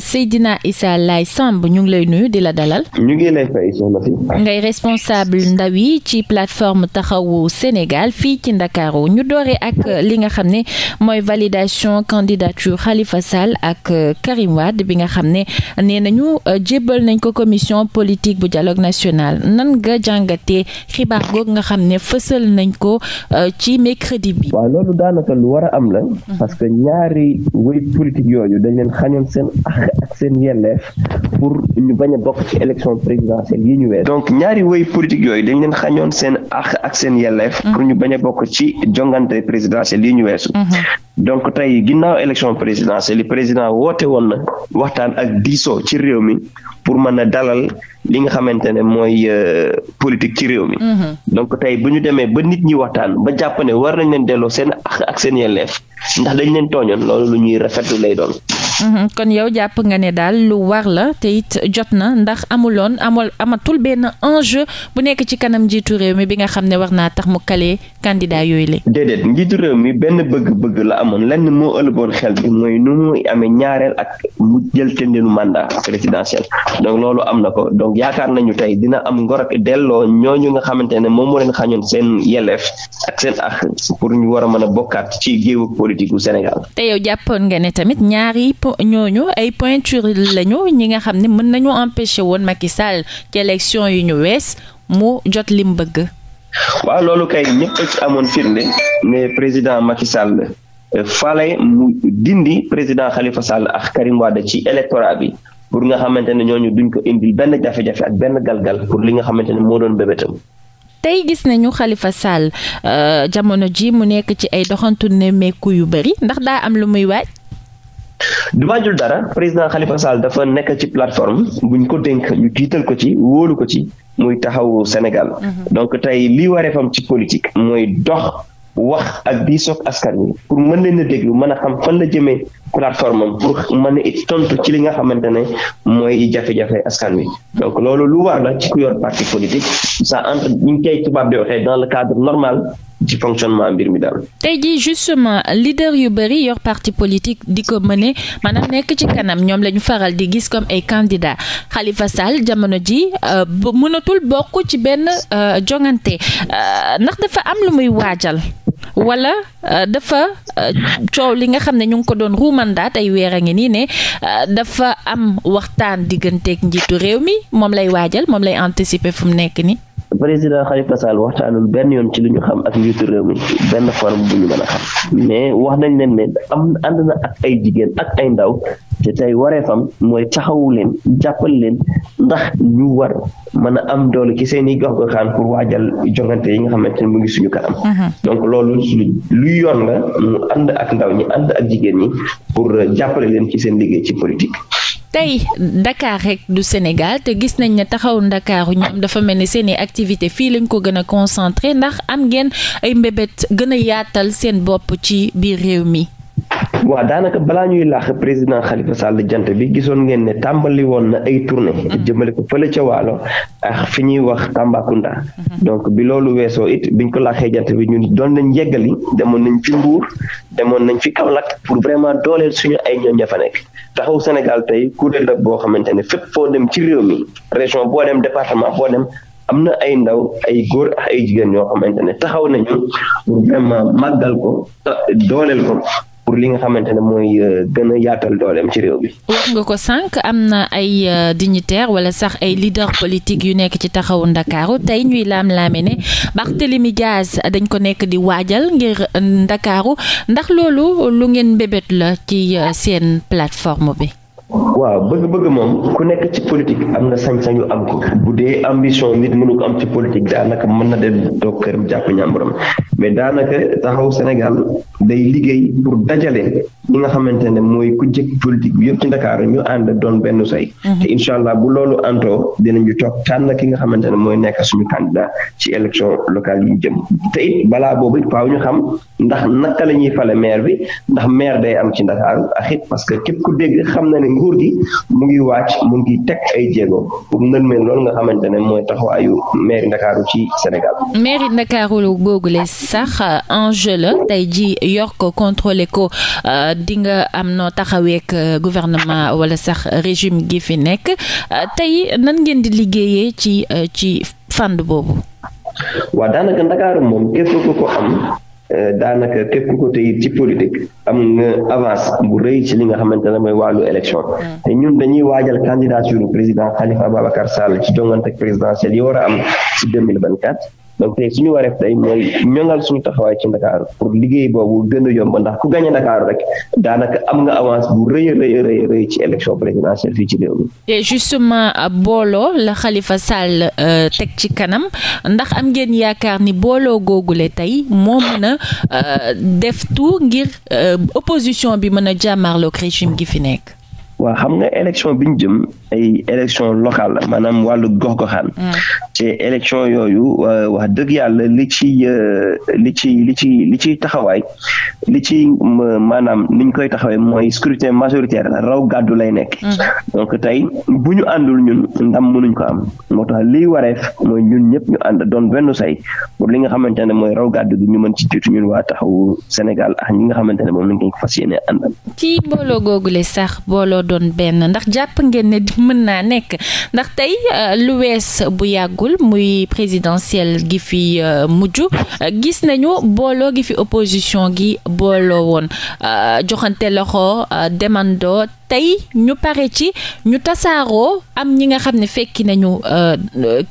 Seydina Issa Laye Samb ñu ngi lay nuyu di la dalal. ñu ngi lay fay soxna si. ngay responsable ndaw yi ci plateforme taxawu Sénégal fii ci Ndakaaru ñu dooree ak li nga xam ne mooy validation candidature xalifa Sall ak euh, Karim Wade bi nga xam ne nee nañu euh, jébbal nañ ko commission politique bu dialogue national nan nga jàngate xibaar googu nga xam ne fësal nañ ko euh, ci mercredi bi. waaw loolu daanaka lu war am la. Mhm. parce que ñaari wéy politique yooyu dañ leen xañoon ak seen yelleef pour ñu bañ a bokk ci élection présidentielle yi ñu wees donc ñaari woy yooyu dañ leen xañoon seen ak ak seen yelleef mm-hmm. pour ñu bañ a bokk ci jongante présidentielle yi ñu weesu mm-hmm. donc tey ginnaaw élection présidentielle li président woote woon na waxtaan ak diisoo ci réew mi pour mën a dalal li nga xamante ne mooy euh, politique ci réew mi mm-hmm. donc tey bu ñu demee ba nit ñi waxtaan ba jàpp ne war nañ leen delloo seen ak ak seen yelleef ndax dañ leen tooñoon loolu lu ñuy rafetlu lay doon Mhm. kon yow jàpp nga ne daal lu war la te it jot na ndax amuloon amul amatul benn enjeu bu nekk ci kanam njiitu réew mi bi nga xam ne war naa tax mu kale candidat yooyu la. déedéet réew mi benn bëgg-bëgg la amoon lenn moo ëllëgoon xel bi mooy nu muy amee ñaareel ak mu jël tendeenu mandat présidentiel donc loolu am na ko donc yaakaar nañu tey dina am ngor ak delloo ñooñu nga xamante ne moom moo leen xañoon seen yelleef ak seen ak pour ñu war a mën a bokkaat ci géewu politique bu Sénégal. te yow jàppoon nga ne tamit ñaari jàpp ñooñu ay pointure lañu ñi nga xam ne mën nañu empêcher woon Macky Sall ci élection yu ñu wees mu jot li mu bëgg. waaw loolu kay ñëpp ci amoon firnde mais président Macky Sall euh, fale mu dindi président xalifa Sall ak Karim Wade ci électorat bi pour nga xamante ne ñooñu duñ ko indi benn jafe-jafe ak benn galgal pour li nga xamante ne moo doon bébétam. tey gis nañu Khalifa Sall euh, jamono ji mu nekk ci ay doxantu nemmeeku yu bari ndax daa am lu muy waaj. du maa jul dara président Khalifa Sall dafa nekk ci plateforme buñ ko dénk ñu jiital ko ci wóolu ko ci muy taxawu Sénégal. Mhm. donc tey lii waree fam ci politique. mooy dox wax ak diisoog askan wi pour mën leen a déglu mën a xam fan la jëmee plateforme am pour mën a tontu ci li nga xamante ne mooy jafe-jafe askan wi donc loolu lu war la ci ku yor parti politique ça entre ñu ngi koy tubaab di waxee dans le cadre normal. ci fonctionnement mbir mi daal. tey jii justement leader yu bëri yor parti politique di ko mëne maanaam nekk ci kanam ñoom la ñu faral di gis comme ay candidat Khalifa Sall jamono ji euh, mënatul bokk ci benn euh, jongante euh, ndax dafa am lu muy waajal wala dafa coow li nga xam ne ñu ngi ko doon ruumandaat ay weer a ngi nii ne dafa am waxtaan digganteeg njiitu réew mi moom lay waajal moom lay anticiper fu mu nekk nii. président Khalifa Sall waxtaanul benn yoon ci lu ñu xam ak njiitu réew mi benn forme bu ñu mën a xam mais wax nañ leen ne am ànd na ak ay jigéen ak ay ndaw te tey wareefam mooy taxawu leen jàppal leen ndax ñu war mën a am doole ci seen i gox goxaan pour waajal jongante yi nga xamante ne mu ngi suñu kanam. Mhm. donc loolu lu yoon la mu ànd ak ndaw ñi ànd ak jigéen ñi pour jàppale leen ci seen liggéey ci politique. tey Dakar rek du Sénégal te gis nañ ne taxawu Ndakaaru ñoom dafa mel ni seen i activité fii lañ ko gën a concentré ndax am ngeen ay mbébét gën a yaatal seen bopp ci biir réew mi waaw daanaka balaa ñuy laax président Khalifa Sall jant bi gisoon ngeen ne tàmbali woon na ay tournée mm-hmm. jëmale ko fële ca waalo ak fi ñuy wax Tambacounda mm-hmm. donc bi loolu weesoo it biñ ko laaxee jant bi ñun doon nañ yeggali demoon nañ fi Mbuur demoon nañ fi Kaolack pour vraiment dooleel suñu ay ñoom ña fa nekk taxaw Sénégal tey kuréel la boo xamante ne fépp foo dem ci réew mi région boo dem département boo am na ay ndaw ay góor ay jigéen yoo xamante ne taxaw nañu pour vraiment màggal ko dooleel ko pour li nga xamante ne mooy euh, gën a yaatal dooleem ci réew bi wax nga ko sànq am na ay euh, dignitaire wala sax ay leader politique yu nekk ci taxawu ndakaaru tey ñuy laam-laame ne Barthélemy Diaz dañ ko nekk di waajal ngir ndakaaru ndax loolu lu ngeen mbébét la ci euh, seen plateforme bi waaw bëgg-bëgg moom ku nekk ci politique am na sañ-sañu am ko bu dee ambition nit mënu ko am ci politique daanaka mën na dem toog këram jàpp ñàmburam mais daanaka taxaw Sénégal day liggéey pour dajale ñi nga xamante ne mooy ku jëkk politique bi yëpp ci Ndakaaru ñu ànd doon benn say mhm. te incha allah bu loolu antoo dinañu toog tànn ki nga xamante ne mooy nekk suñu candidat ci élection locale yi jëm te it balaa boobu it faaw ñu xam ndax naka la ñuy fale maire bi ndax maire day am ci Ndakaaru a it parce que képp ku dégg xam na ne nguur gi mu ngi wàcc mu ngi teg ay jéego pour nën mel loolu nga xamante ne mooy taxawaayu maire Ndakaaru ci Sénégal. maire Ndakaaru googu sax euh, enjeu la tay ji yor ko ko euh, di nga am noo taxaweek euh, gouvernement wala sax régime gi fi nekk tey nan ngeen di liggéeyee ci ci fànn boobu. waaw daanaka Ndakaaru moom képp ku ko am. daanaka képp ku ko tey ci politique am nga avance bu rëy ci li nga xamante ne mooy wàllu élection mm. te ñun dañuy waajal candidature président Khalifa Babacar Sall ci jongante présidentielle yi war a am ci 2024 donc tey suñu wareef tey ñoo ñoŋal suñu taxawaay ci Ndakaaru pour liggéey boobu gën a yomb ndax ku gagné Ndakaaru rek daanaka am nga avance bu rëy a rëy rëy ci élection présidentielle fii ci réew mi. et justement booloo la Khalifa Sall euh, teg ci kanam ndax am ngeen yaakaar ni booloo googule tey moo mën a euh, def tout ngir euh, opposition bi mën a jàmmarloog régime gi fi nekk. waaw xam nga élection bi ñu jëm ay élection locale maanaam wàllu gox-goxaan mm. te élection yooyu euh, wax dëgg yàlla li ci euh, li ci li ci ciy taxawaay li ci maanaam niñ koy taxawee mooy scrutin majoritaire raw gàddu lay nekk mm. donc tey bu ñu àndul ñun ndam mënuñ ko am moo tax liy wareef mooy ñun ñëpp ñu ànd doon benn say pour li nga xamante ne mooy raw gàddu gi ñu mën ci jiitu ñun waa taxawu Sénégal ak ñi nga xamante ne moom lañ koy fas yéene àndal doon benn ndax jàpp ngeen ne mën naa nekk ndax tey euh, lu wees bu yàggul muy présidentielle gi fi euh, mujj euh, gis nañu booloo gi fi opposition gi booloo woon joxante loxo demandoo tey ñu pare ci ñu tasaaroo am ñi nga xam ne fekki nañu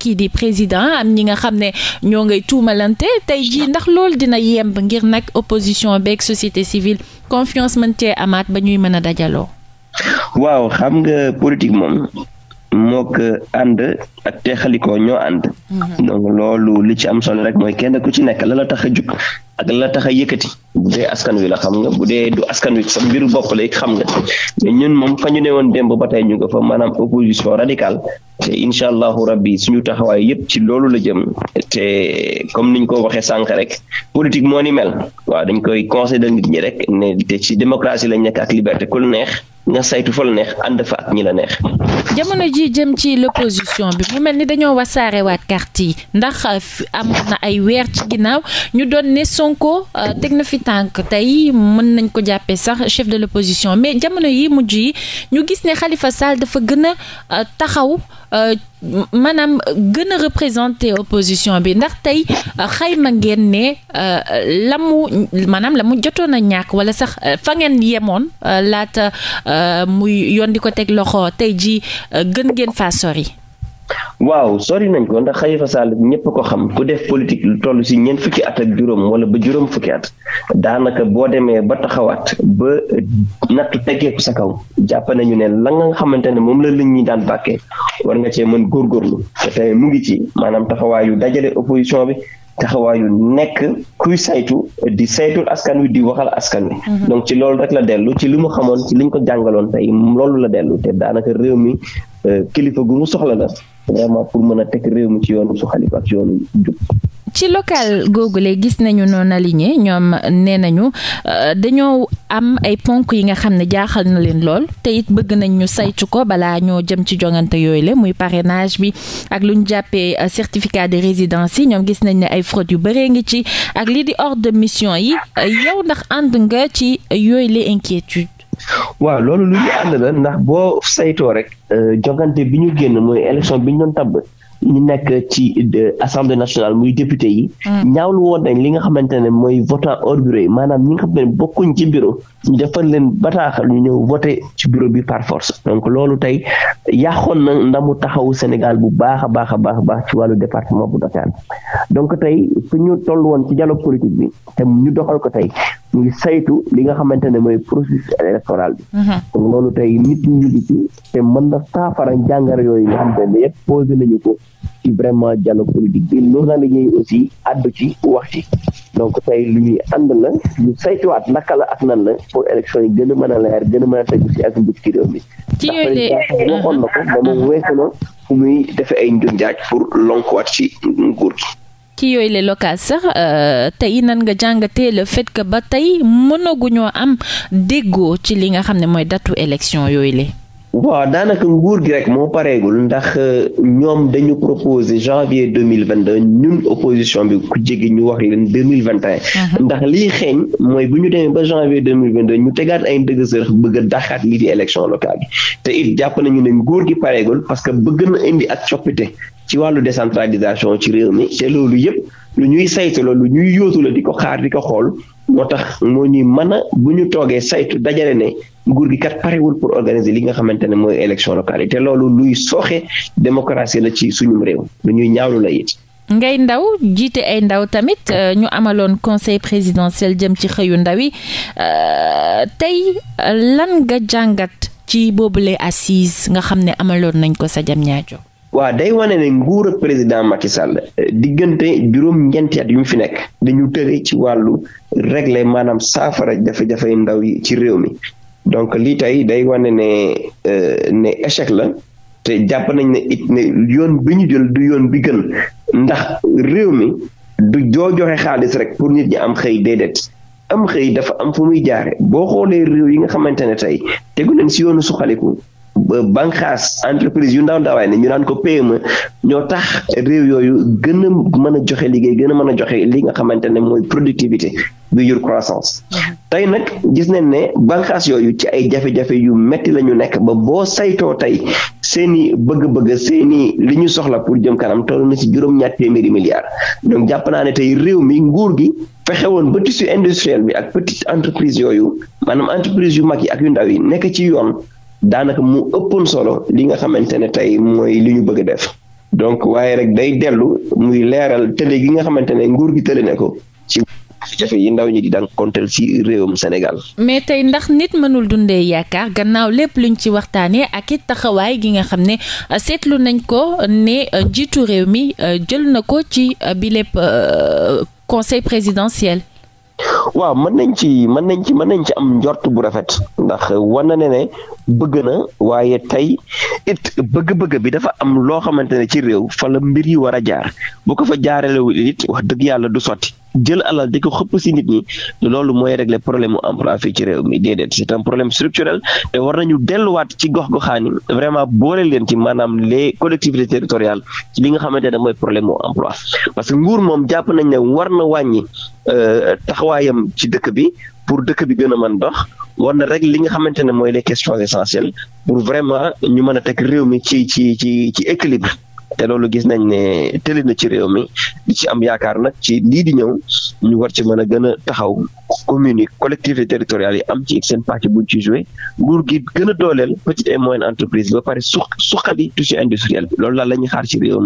kii di président am ñi nga xam ne ñoo ngay tuumalante tey jii ndax loolu dina yemb ngir nag opposition beeg société civile confiance mën cee amaat ba ñuy mën a dajaloo waaw xam nga politique moom moo ko ànd ak teexalikoo ñoo ànd. Mhm. donc loolu li ci am solo rek mooy kenn ku ci nekk la la tax a jug ak la la tax a yëkkati bu dee askan wi la xam nga bu dee du askan wi sa mbiru bopp la xam nga ñun moom fa ñu ne woon démb ba tey ñu nga fa maanaam opposition radicale te incha allahu rabbi suñu taxawaay yëpp ci loolu la jëm te comme niñ ko waxee sànq rek politique moo ni mel waaw dañ koy conseil de nit ñi rek ne te ci démocratie lañ nekk ak liberté ku neex. nga saytu fa la neex ànd fa ak ñi la neex. jamono ji jëm ci l'opposition bi mu mel ni dañoo wasaare waat carte yi ndax euh, am na ay weer ci ginnaaw ñu doon ne Sonko euh, teg na fi tànk tey mën nañ ko jàppee sax chef de l'opposition mais jamono yi mujj yi ñu gis ne xalifa Sall dafa gën a euh, taxaw maanaam gën a représenté opposition bi ndax tey euh, xayma ngeen ne euh, la mu maanaam la mu jotoon a ñàkk wala sax euh, fa ngeen yemoon laata muy yoon di ko teg loxo tey ji gën ngeen faa yi waaw sori nañ ko ndax Khalifa Sall ñëpp ko xam ku def politique lu toll si ñeent fukki at ak juróom wala ba juróom fukki at daanaka boo demee ba taxawaat ba nattu teggeeku sa kaw jàpp nañu ne la nga xamante ne moom la liñ ñi daan bàkkee war nga cee mën góorgóorlu te mu ngi ci maanaam taxawaayu dajalee opposition bi. taxawaayu nekk kuy saytu di saytul askan wi di waxal askan wi. Mhm. donc ci loolu rek la dellu ci li mu xamoon ci liñ ko jàngaloon tey loolu la dellu te daanaka réew mi euh, kilifa gu soxla la vraiment pour ci yoonu su googule gis nañu noon aligné ñoom nee nañu euh, dañoo am ay ponk yi nga xam ne jaaxal na leen lool te it bëgg nañ ñu saytu ko balaa ñoo jëm ci jongante yooyu la muy parrainage bi ak lu ñu jàppee euh, certificat de résidence yi ñoom gis nañ ne ay fraude yu bëree ngi ci ak lii di ordre de mission yi euh, yow ndax ànd nga ci yooyu la inquiétude waaw loolu lu ñu ànd la ndax boo saytoo rek euh, jogante bi ñu génn mooy élection bi ñu doon tabb ñu nekk ci assemblée nationale muy député yi. Mm. ñaawlu woon nañ li nga xamante ne mooy votant hors bureau yi maanaam ñi nga bokkuñ ci bureau ñu defal leen bataaxal ñu ñëw voté ci bureau bi par donc loolu tey yàqoon na ndax mu taxawu Sénégal bu baax a baax a baax baax ci wàllu département bu Dakar donc tey fu ñu toll woon ci dialogue politique bi te ñu doxal ko tey ñu saytu li nga xamante ne mooy processus électoral bi. Mhm. kon loolu tey nit ñi ngi ci te mën na saafara jàngar yooyu nga xamante ne yëpp posé nañu ko ci vraiment dialogue politique bi loolu la ñuy aussi addu ci wax ci donc tey lu ñuy ànd la ñu saytuwaat naka la ak nan la pour élection yi gën mën a leer gën mën a tegu si ak mbir ci réew mi. ci yooyu de waxoon na ko ba mhm. weesu na fu muy defee ay njur njaaj pour lonkuwaat ci nguur gi. ci yooyu les locales sax euh, tey nan nga jàngatee le fait que ba tey mënaguñoo am déggoo ci li nga xam ne mooy datu élection yooyu le waaw daanaka nguur gi rek moo pareegul ndax euh, ñoom dañu proposé janvier deux mille vingt deux ñun opposition bi ku jege ñu wax leen deux mille vingt un uh-huh. ndax lii xeeñ mooy bu ñu demee ba janvier deux mille vingt deux ñu tegaat ay ndëgg sërëx bëgg a daxaat lii di élection locale te it jàpp nañu ne nguur gi pareegul parce que bëgg na indi ak coppite ci wàllu décentralisation ci réew mi te loolu yëpp. lu ñuy saytu la lu ñuy yóotu la di ko xaar di ko xool moo tax moo ñuy mën a bu ñu toogee saytu dajale ne nguur gi kat parewul pour organiser li nga xamante ne mooy élection locale yi te loolu luy sooxe démocratie la ci suñu réew lu ñuy ñaawlu la it. ngay ndaw jiite ay ndaw tamit euh, ñu amaloon conseil présidentiel jëm ci xëyu ndaw yi euh, tey lan nga jàngat ci boobu boobule assise nga xam ne amaloon nañ ko sa jam ñaajo waaw day wane ne nguur a président Macky Sall eh, diggante juróom-ñeenti at yu mu fi nekk dañu tëre ci wàllu régler maanaam saafara jafe-jafe ndaw yi ci réew mi donc lii tey day wane ne eh, ne échec la te jàpp nañ ne it ne yoon bi ñu jël du yoon bi gën ndax réew mi du joo joxe xaalis rek pour nit ñi am xëy déedéet am xëy dafa am fu muy jaare boo xoolee réew yi nga xamante ne tey tegu nañ si yoonu suqaliku banqaas entreprise yu ndaw ndawaay ne ñu naan ko PME ñoo tax réew yooyu gën a mën a joxe liggéey gën a mën a joxe li nga xamante ne mooy productivité bi jur croissance tey nag gis nañ ne banqaas yooyu ci ay jafe-jafe yu metti la ñu nekk ba boo saytoo tey seeni bëgg-bëgg seeni li ñu soxla pour jëm kanam toll na si juróom-ñaar téeméeri milliards donc jàpp naa ne tey réew mi nguur gi fexe woon ba tissu industriel bi ak petite entreprise yooyu maanaam entreprise yu mag yi ak yu ndaw yi nekk ci yoon daanaka mu ëppoon solo li nga xamante ne tey mooy li ñu bëgg a def donc waaye rek day dellu muy leeral tële gi nga xamante ne nguur gi tële ne ko ci yi ndaw ñi di daan konteel ci réewum Sénégal. mais tey ndax nit mënul dundee yaakaar gannaaw lépp luñ ci waxtaanee ak it taxawaay gi nga xam ne euh, seetlu nañ ko ne euh, jiitu réew mi euh, jël na ko ci bi lépp conseil présidentiel. waaw mën nañ ci mën nañ ci mën nañ ci am njort bu rafet ndax wane na ne bëgg na waaye tey it bëgg-bëgg bi dafa am loo xamante ne ci réew fala mbir yi war a jaar bu ko fa jaarelewul it wax dëgg yàlla du sotti jël alal di ko xëpp si nit ñi loolu mooy régler problème mu emploi fii ci réew mi déedéet c'est un problème structurel te war ñu delluwaat ci gox goxaani vraiment boole leen ci maanaam les collectivités territoriales ci li nga xamante ne mooy problème mu parce que nguur moom jàpp nañ ne war na wàññi euh, taxawaayam ci dëkk bi pour dëkk bi gën a mën dox war na rek li nga xamante ne mooy les questions essentielles pour vraiment ñu mën a teg réew mi ci ci ci ci équilibre te loolu gis nañ ne tëli na ci réew mi ci am yaakaar nag ci lii di ñëw ñu war ci mën a gën a taxaw communes yi collectivités territoriales yi am ci seen pàcc buñ ci joué nguur gi gën a dooleel petite et moyenne entreprise ba pare su suqali tissu industriel bi loolu daal la ñuy xaar ci réew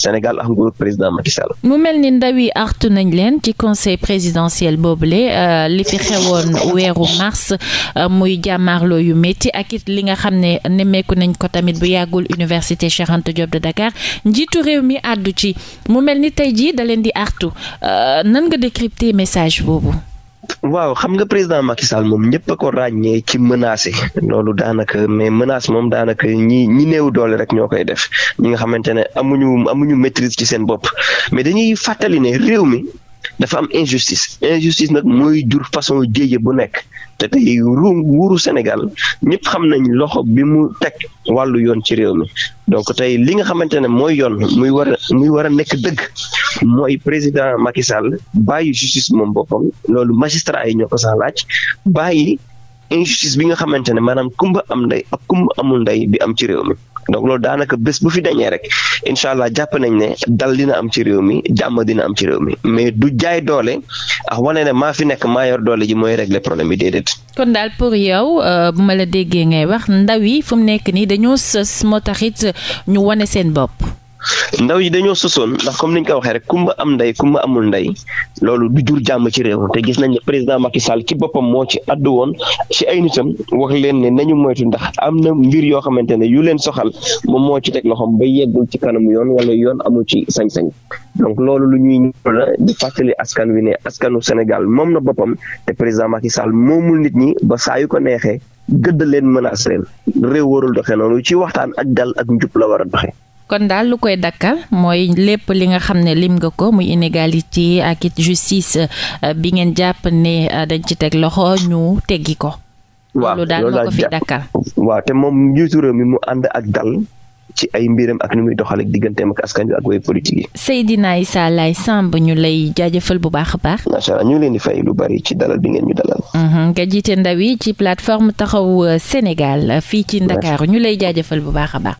Sénégal ak nguuru président Macky Sall. mu mel ni ndaw yi artu nañ leen ci conseil présidentiel boobule euh, li fi xewoon weeru mars euh, muy jàmmaarloo yu métti ak it li nga xam ne nemmeeku nañ ko tamit bu yàggul université Cheikh Anta Diop de Dakar njiitu réew mi àddu ci mu mel ni tey jii da leen di artu euh, nan nga décrypter message boobu. waaw xam nga président Macky Sall moom ñëpp a ko ràññee ci menacé loolu daanaka mais menace moom daanaka ñi ñi néew doole rek ñoo koy def ñi nga xamante ne amuñu amuñu maîtrise ci seen bopp mais dañuy fàttali ne réew mi dafa am injustice injustice nag mooy jur façon jéeje bu nekk te tey nguuru Sénégal ñëpp xam nañ loxo bi mu teg wàllu yoon ci réew mi donc tey li nga xamante ne mooy yoon muy war a muy war a nekk dëgg mooy président Macky bàyyi justice moom boppam loolu magistrat yi ñoo ko sax laaj bàyyi injustice bi nga xamante ne maanaam kumba am ndey ak kumba amul ndey bi am ci réew mi. donc loolu daanaka bés bu fi dañee rek incha allah jàpp nañ ne dal dina am ci réew mi jàmm dina am ci réew mi mais du jaay doole ak wane ne maa fi nekk maa doole ji mooy régler problème yi déedéet. kon daal pour yow euh, bu ma la déggee ngay wax ndaw yi fu mu nekk nii dañoo sës moo taxit ñu wane seen bopp. ndaw yi dañoo sosoon ndax comme ni ñu ko waxee rek kumba am ndey kumba amul ndey loolu du jur jàmm ci réew te gis nañ ne président Macky Sall ci boppam moo ci addu woon ci ay nitam wax leen ne nañu moytu ndax am na mbir yoo xamante ne yu leen soxal moom ci teg loxoom ba yeggul ci kanam yoon wala yoon amul ci sañ-sañ donc loolu lu ñuy ñëw la di fàttali askan wi ne askanu Sénégal moom na boppam te président Macky Sall moomul nit ñi ba saa yu ko neexee gëdd leen mën a leen réew warul doxe noonu ci waxtaan ak dal ak njub la war a doxee. kon daal lu koy dakkal mooy lépp li nga xam ne lim nga ko muy inégalité ak it justice euh, bi ngeen jàpp ne euh, dañ ci teg loxo ñu teggi ko. waaw loolu daal moo ko fi dakkal. waaw te moom njiitu réew mi mu ànd ak dal. ci ay mbiram ak nu muy doxal doxalee digganteem ak askan wi ak way politique yi. Seydina Issa Laye Samb ñu lay jaajëfal bu baax a baax. macha ñu leen di fay lu bari ci dalal bi ngeen ñu dalal. Mm-hmm, nga jiite ndaw yi ci plateforme taxaw Sénégal fii ci Ndakaaru ñu lay jaajëfal bu baax a baax.